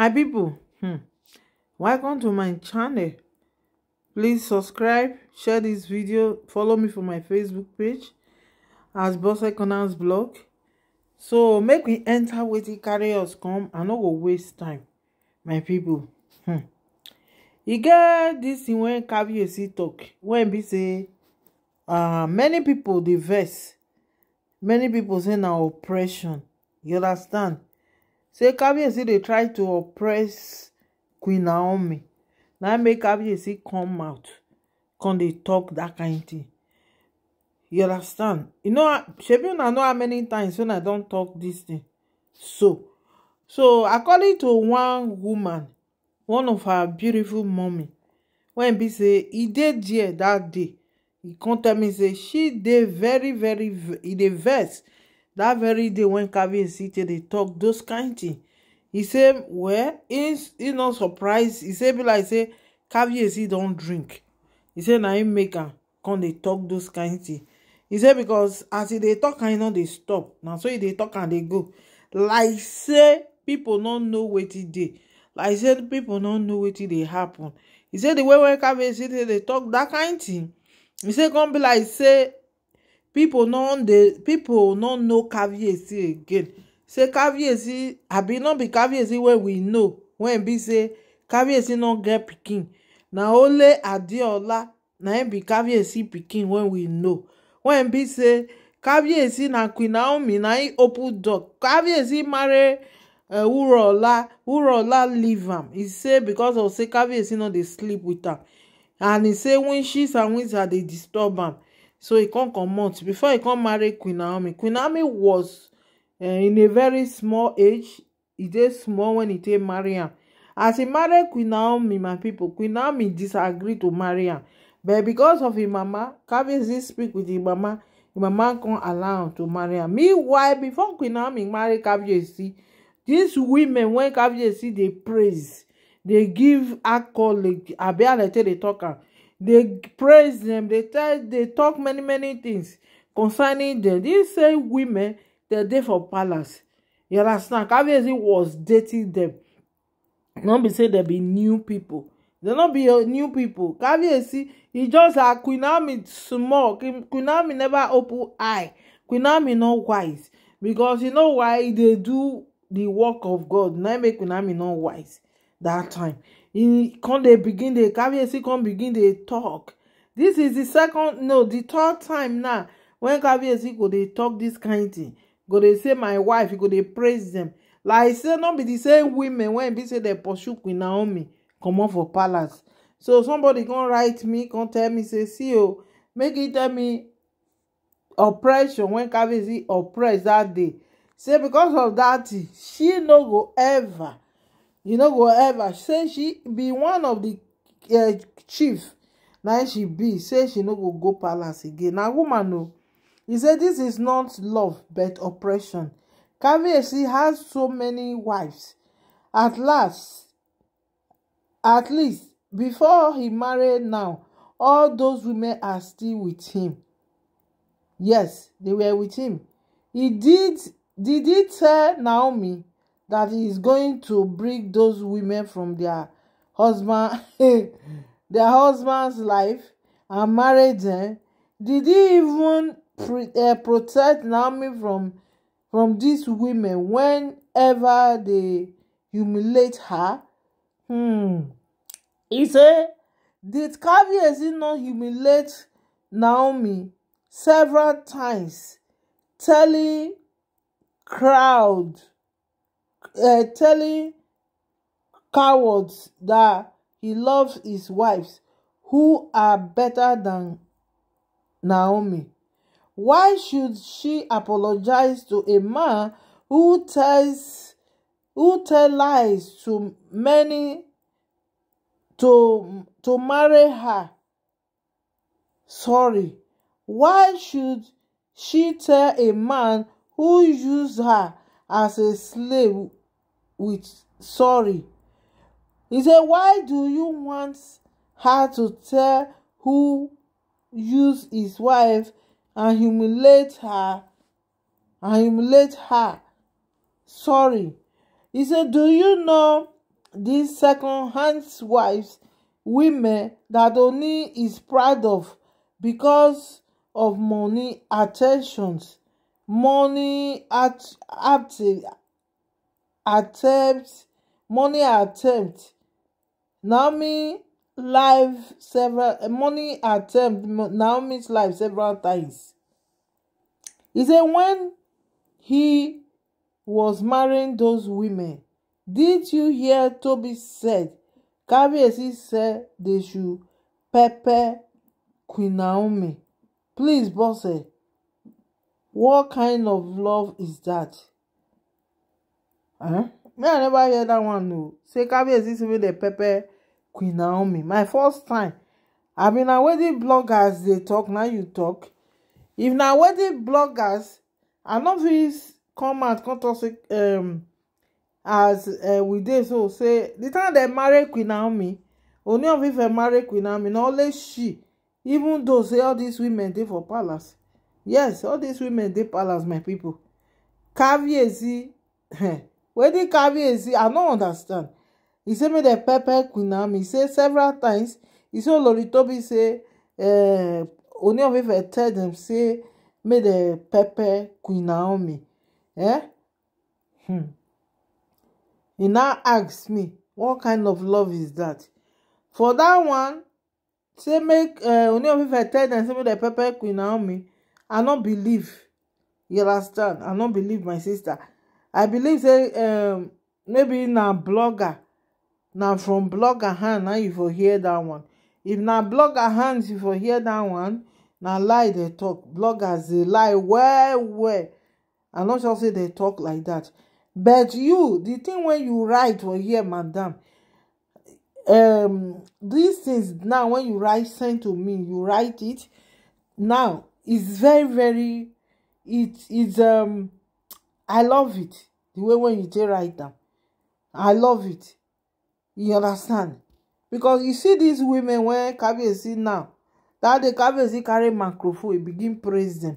my people, um welcome to my channel please subscribe share this video follow me for my facebook page as bose corners blog so make me enter with the carriers come i no go waste time my people. hmm e get dis thing wey caviarcy tok wen be say uh, many people diverse. many people say na oppression you understand say kabiyesi dey try to oppress queen naomi na make kabiyesi come out come dey talk that kind thing you understand you know shebi una know how many times wey i don talk this thing so so according to one woman one of her beautiful mummy wen be say e dey there dat day e come tell me say she dey very very e dey vex That very day when Kabiyesi take dey talk those kind thing he said, well he's e no surprise He said, be like say Kabiyesi don't drink He said, "Now him make am come dey talk those kind thing He said, because as they talk I know they stop Now so they talk and they go like say people don't know what wetin did. like say people don't know what dey happen He said, "The way when Kabiyesi take dey talk that kind thing He said, come be like say People no dey people no know kavyesi again say kavyesi, abi no be caviarcy wey we know wey be say kavyesi no get pikin na only adeola na im be kavyesi pikin wey we know wey be say kavyesi na queen naomi na im open door Kavyesi marry wurola eh, wurola leave am e say because of say kavyesi no dey sleep with am and e say winches and winds dey disturb am so he can't come out before he come marry queen naomi queen naomi was eh, in a very small age He dey small when he take marry am as he married queen naomi my people queen naomi disagreed to marry am but because of his mama kabezi speak with his mama His mama can't allow am to marry am meanwhile before queen naomi marry kabezi These women when kabezi they praise they give accolade abialete tell the talker. They praise them. They tell, they talk many, many things concerning them. These same women, they're there for palace. You understand? Obviously was dating them. Not be say there be new people. They not be uh, new people. Obviously, he just a like Queen small. Queen never open eye. Queen not wise. Because you know why they do the work of God. Now make Queen not wise that time e come dey begin dey kabiyesi come begin they talk this is the second no the third time now when kabiyesi go they talk this kind thing go they say my wife go they praise them like say not be the same women when be say dem pursue Queen Naomi come on for palace so somebody come write me come tell me say see you. Oh, make it tell me oppression when kabiyesi oppress that day say because of that she no go ever you know go ever say she be one of di eh, chief na she be say she no go go palace again na woman o He say this is not love but oppression Kavesi has so many wives at last at least before he marry now all those women are still with him yes they were with him he did did he tell Naomi that he is going to bring those women from their husband their husband's life and marry them eh? did he even pre uh, protect Naomi from from these women whenever they humiliate her hmm. he say did Kabiyesi not humiliate Naomi several times telling crowd uh, telling cowards that he loves his wives who are better than Naomi. Why should she apologize to a man who tells who tell lies to many to to marry her? Sorry. Why should she tell a man who used her as a slave with sorry. He said, Why do you want her to tell who used his wife and humiliate her? And humiliate her. Sorry. He said, Do you know these second-hand wives, women that only is proud of because of money attentions, money at, at, attempt money attempt naomi life several eh, money attempt naomi's life several times he say when he was marrying those women did you hear toby said kabiyesi said they should pepper queen naomi please bose eh, what kind of love is that Huh? Me, I never hear that one, no. Say, Kabiyesi is even the pepper Queen Naomi. My first time. I mean, na wedding bloggers they talk, Now you talk. If now wedding bloggers, I no fit come out come talk say, um, as uh, we did so, say, the time they marry Queen Naomi, Ooni of they marry Queen Naomi, not only she. Even though, say, all these women dey for palace. Yes, all these women dey palace, my people. Kabiyesi. wetin kabiyesi i no understand He say make dem pepper queen He say several times He say olori tobi say uh, eh, oni of ife tell dem say make dem pepper queen naomi eh hmm. He now ask me what kind of love is that for that one say make uh, oni of ife tell dem say make dem pepper queen naomi i no believe you understand i no believe my sister i believe say um, maybe na blogger na from blogger hand now you for hear that one if na blogger hands you for hear that one na lie they talk bloggers they lie well well i not sure say they talk like that but you the thing when you write for here madam um these things now when you write send to me you write it now it's very very it is um I love it. The way when you take write down. I love it. You understand? Because you see these women when Kabiyesi now, that day Kabiyesi carry microphone, he begin praise them.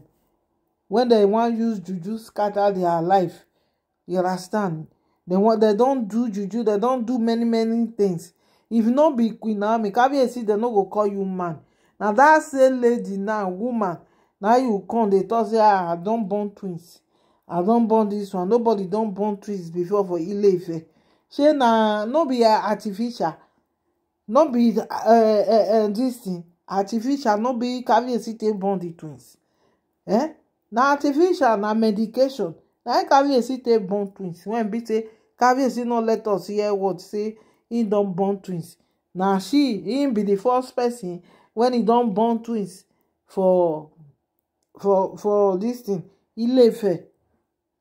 When they want use juju scatter their life. You understand? They want they don't do juju, they don't do many, many things. If not be Queen Naomi, Kabiyesi, they not go call you man. Now that same lady now, woman, now you come, they talk say, ah, I don born twins i don burn this one nobody don burn trees before for ileife shey na no be artificial no be eh, eh, eh, this thing artificial no be caviarcy take burn di twins eh na artificial na medication na im caviarcy take burn twins When be say caviarcy no let us hear word say he don born twins na she im be the first person when he don born twins for for for this thing ileife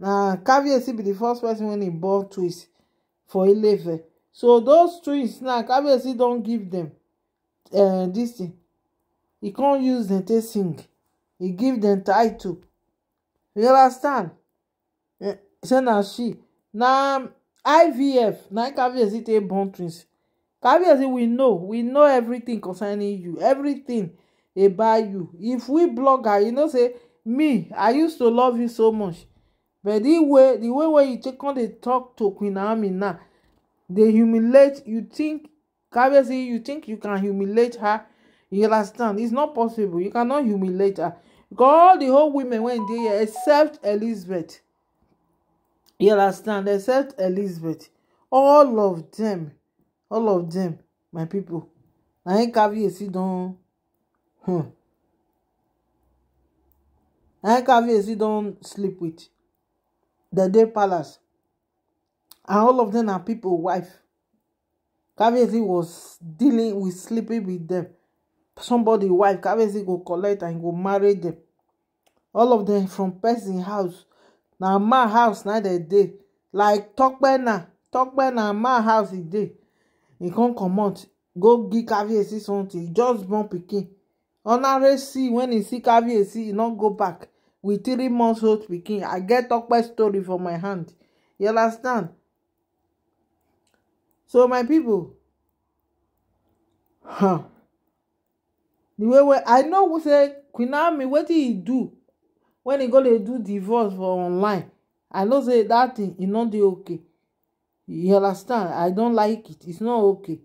Now, kabiyesi be the first person when he born twins for ilefe so those twins now kabiyesi don't give them uh, eh, dis thing He can't use dem take sing e give dem title you understand eh, say na she now, ivf na kabiyesi take born twins kabiyesi we know we know everything concerning you everything about you if we blogger you know say me i used to love you so much bedi way di wey take kon dey tok to queen amina dey humiliate you think kabia say you think you can humiliate her you understand its not possible you cannot humiliate her because all di whole women wey dey here except elizabeth you understand except elizabeth all of dem all of dem my pipo na ain kabiesi hmm, don sleep wit. dem dey palace and all of them are people. wife Kavezi was dealing with sleeping with them. somebody wife Kavezi go collect and go marry them. all of them from person house Now my house now they dey like Tope na Tope na man house e dey e come comot go give Kavezi something e just born pikin Onare see when he see Kavezi he not go back with three months old pikin i get tope story for my hand you understand so my people, huh the way wey i know who say queen naomi wetin he do When he go dey do divorce for online i know say that thing e no dey okay you understand i don like it its not okay